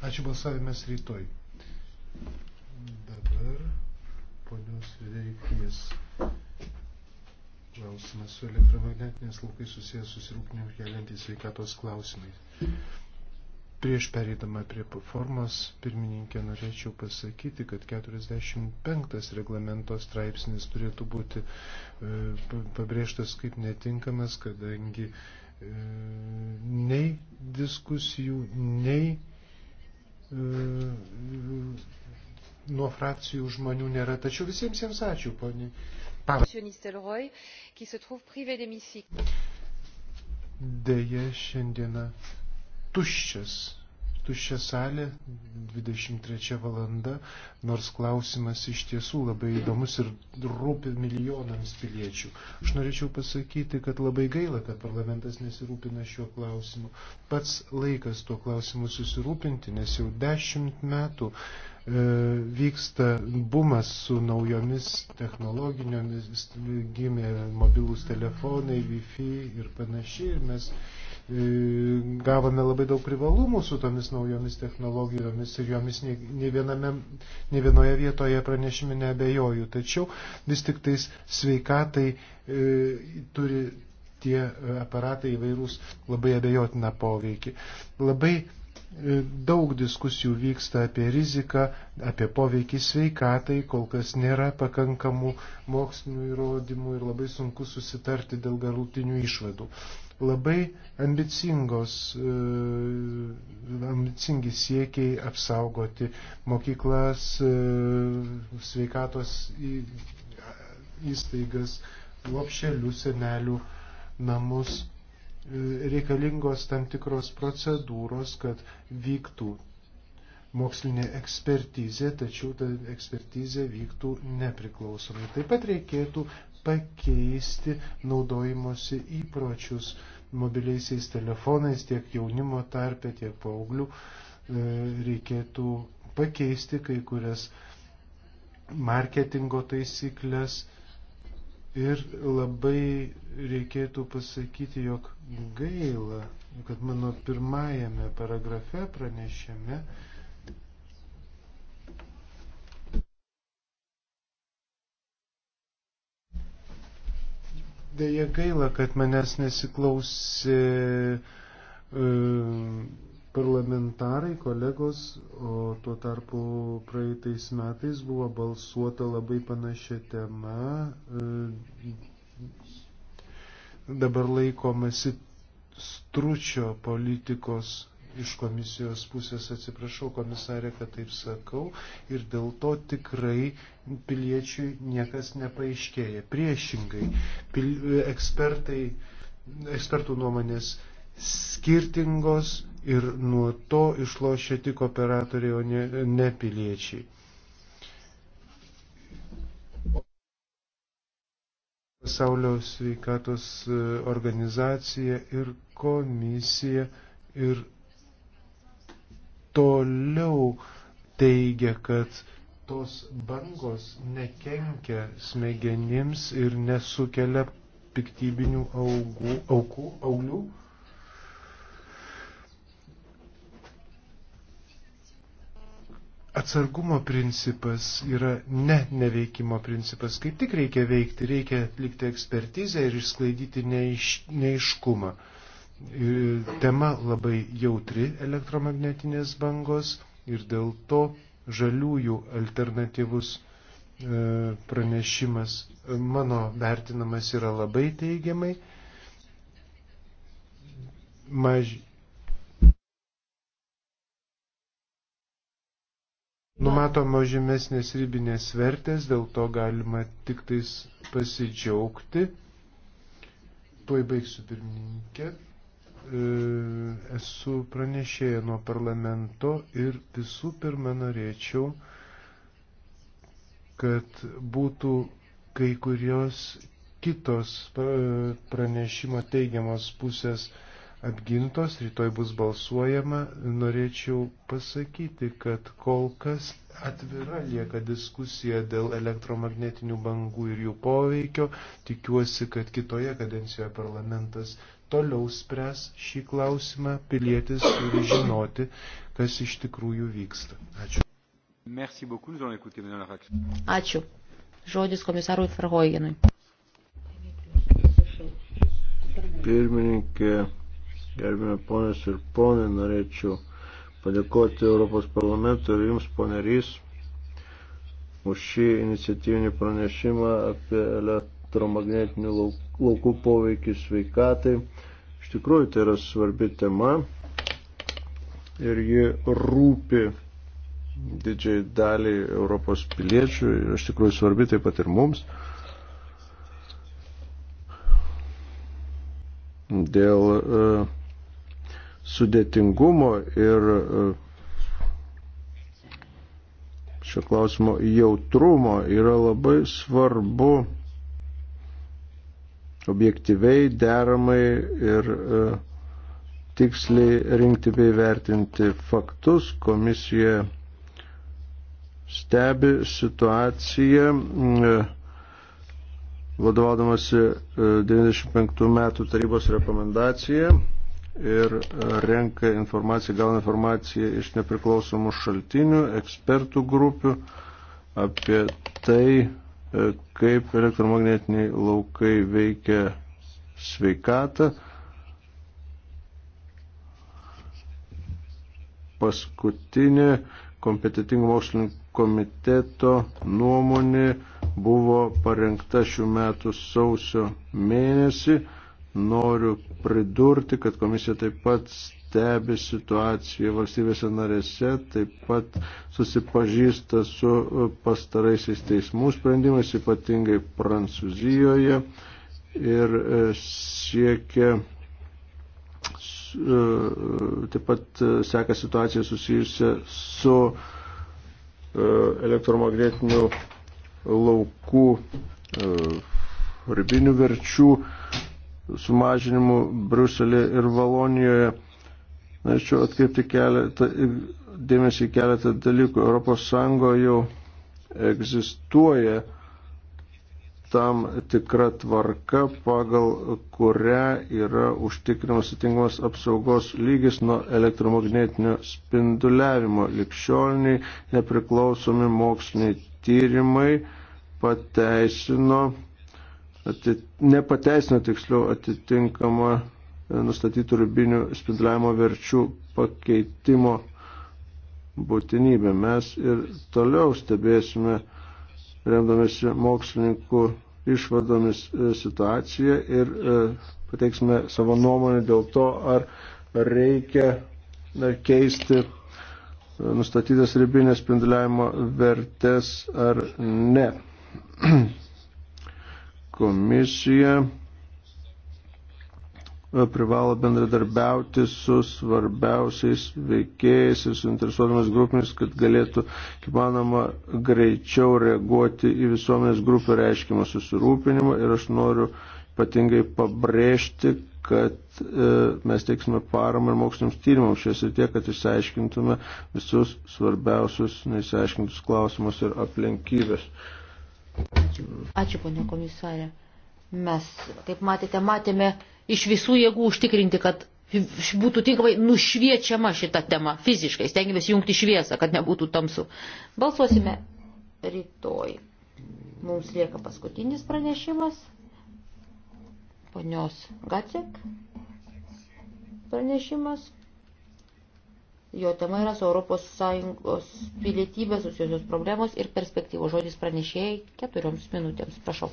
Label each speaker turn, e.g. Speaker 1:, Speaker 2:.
Speaker 1: Ačiū balsavimas rytoj. Dabar ponios Veikės klausimas su elektromagnetinės laukai susijęs susirūpinimu keliantys sveikatos klausimai. Prieš pereidama prie formos, pirmininkė, norėčiau pasakyti, kad 45 reglamento straipsnis turėtų būti e, pabrėžtas kaip netinkamas, kadangi E, nei diskusijų, nei e, nuo frakcijų žmonių nėra. Tačiau visiems jiems ačiū, ponė. Deja, šiandiena tuščias tuščia salė, 23 valanda, nors klausimas iš tiesų labai įdomus ir rūpi milijonams piliečių. Aš norėčiau pasakyti, kad labai gaila, kad parlamentas nesirūpina šiuo klausimu. Pats laikas tuo klausimu susirūpinti, nes jau dešimt metų E, vyksta bumas su naujomis technologinėmis, gimė mobilūs telefonai, Wi-Fi ir panašiai. Ir mes e, gavome labai daug privalumų su tomis naujomis technologijomis ir jomis ne, ne, viename, ne vienoje vietoje pranešime nebejoju. Tačiau vis tik tais sveikatai e, turi tie aparatai įvairūs labai abejotiną poveikį. Labai E, daug diskusijų vyksta apie riziką, apie poveikį sveikatai, kol kas nėra pakankamų mokslinių įrodymų ir labai sunku susitarti dėl galutinių išvadų. Labai ambicingos, e, ambicingi siekiai apsaugoti mokyklas, e, sveikatos įstaigas, lopšelių senelių namus reikalingos tam tikros procedūros, kad vyktų mokslinė ekspertizė, tačiau ta ekspertizė vyktų nepriklausomai. Taip pat reikėtų pakeisti naudojimosi įpročius mobiliaisiais telefonais tiek jaunimo tarpe, tiek paauglių. E, reikėtų pakeisti kai kurias marketingo taisyklės, Ir labai reikėtų pasakyti, jog gaila, kad mano pirmajame paragrafe pranešėme Deja gaila, kad manęs nesiklausė e, parlamentarai, kolegos, o tuo tarpu praeitais metais buvo balsuota labai panašia tema. E, dabar laikomasi stručio politikos iš komisijos pusės, atsiprašau komisarė, kad taip sakau, ir dėl to tikrai piliečiui niekas nepaaiškėja. Priešingai, pil, e, ekspertai, ekspertų nuomonės skirtingos, ir nuo to išlošia tik operatoriai, o ne, ne piliečiai. Pasaulio sveikatos e, organizacija ir komisija ir toliau teigia, kad tos bangos nekenkia smegenims ir nesukelia piktybinių augų, aukų, auglių. atsargumo principas yra ne neveikimo principas. Kaip tik reikia veikti, reikia atlikti ekspertizę ir išsklaidyti neiš, neiškumą. E, tema labai jautri elektromagnetinės bangos ir dėl to žaliųjų alternatyvus e, pranešimas e, mano vertinamas yra labai teigiamai. Maž,
Speaker 2: Numatomos
Speaker 1: žemesnės ribinės vertės, dėl to galima tik tais pasidžiaugti. Tuoj baigsiu pirmininkė. E, esu pranešėję nuo parlamento ir visų pirma norėčiau, kad būtų kai kurios kitos e, pranešimo teigiamos pusės apgintos, rytoj bus balsuojama. Norėčiau pasakyti, kad kol kas atvira lieka diskusija dėl elektromagnetinių bangų ir jų poveikio. Tikiuosi, kad kitoje kadencijoje parlamentas toliau spręs šį klausimą. Pilietis turi žinoti, kas iš tikrųjų vyksta. Ačiū. Ačiū. Žodis komisarui Ferhoigenui.
Speaker 2: Pirmininkė, Gerbime ponės ir ponai, norėčiau padėkoti Europos parlamentui ir jums, ponerys, už šį iniciatyvinį pranešimą apie elektromagnetinių laukų poveikį sveikatai. Iš tikrųjų, tai yra svarbi tema ir ji rūpi didžiai daliai Europos piliečių ir iš tikrųjų svarbi taip pat ir mums. Dėl uh, sudėtingumo ir e, šio klausimo jautrumo yra labai svarbu objektyviai, deramai ir e, tiksliai rinkti bei vertinti faktus. Komisija stebi situaciją e, vadovaudamas 95 metų tarybos rekomendaciją ir e, renka informaciją, gauna informaciją iš nepriklausomų šaltinių, ekspertų grupių apie tai, e, kaip elektromagnetiniai laukai veikia sveikatą. Paskutinė kompetitingų mokslininkų komiteto nuomonė buvo parengta šių metų sausio mėnesį Noriu pridurti, kad komisija taip pat stebi situaciją valstybėse narėse, taip pat susipažįsta su pastaraisiais teismų sprendimais, ypatingai Prancūzijoje, ir e, siekia e, taip pat e, seka situaciją susijusią su elektromagnetinių laukų ribinių verčių sumažinimų Bruselėje ir Valonijoje. Norėčiau atkreipti keletą, dėmesį keletą dalykų. Europos Sąjungo jau egzistuoja tam tikra tvarka, pagal kurią yra užtikrinamas atingos apsaugos lygis nuo elektromagnetinio spinduliavimo. Likščioliniai nepriklausomi moksliniai tyrimai pateisino atit, nepateisino tiksliau atitinkamą e, nustatytų ribinių spinduliavimo verčių pakeitimo būtinybę. Mes ir toliau stebėsime, remdamėsi mokslininkų išvadomis e, situaciją ir e, pateiksime savo nuomonę dėl to, ar reikia keisti nustatytas ribinės spinduliavimo vertės ar ne. komisija e, privalo bendradarbiauti su svarbiausiais veikėjais ir suinteresuodamas grupėmis, kad galėtų, kaip manoma, greičiau reaguoti į visuomenės grupę reiškimą susirūpinimą. Ir aš noriu ypatingai pabrėžti, kad e, mes teiksime paramą ir moksliniams tyrimams šias ir tiek, kad išsiaiškintume visus svarbiausius neįsiaiškintus klausimus ir aplinkybės.
Speaker 1: Ačiū, ponė komisarė. Mes, kaip matėte, matėme iš visų jėgų užtikrinti, kad būtų tinkamai nušviečiama šita tema fiziškai. Stengiamės jungti šviesą, kad nebūtų tamsu. Balsuosime
Speaker 2: rytoj. Mums lieka paskutinis pranešimas. Ponios Gacek pranešimas.
Speaker 1: Jo tema yra su ES pilietybės susijusios problemos ir perspektyvos žodis pranešėjai keturioms minutėms. Prašau.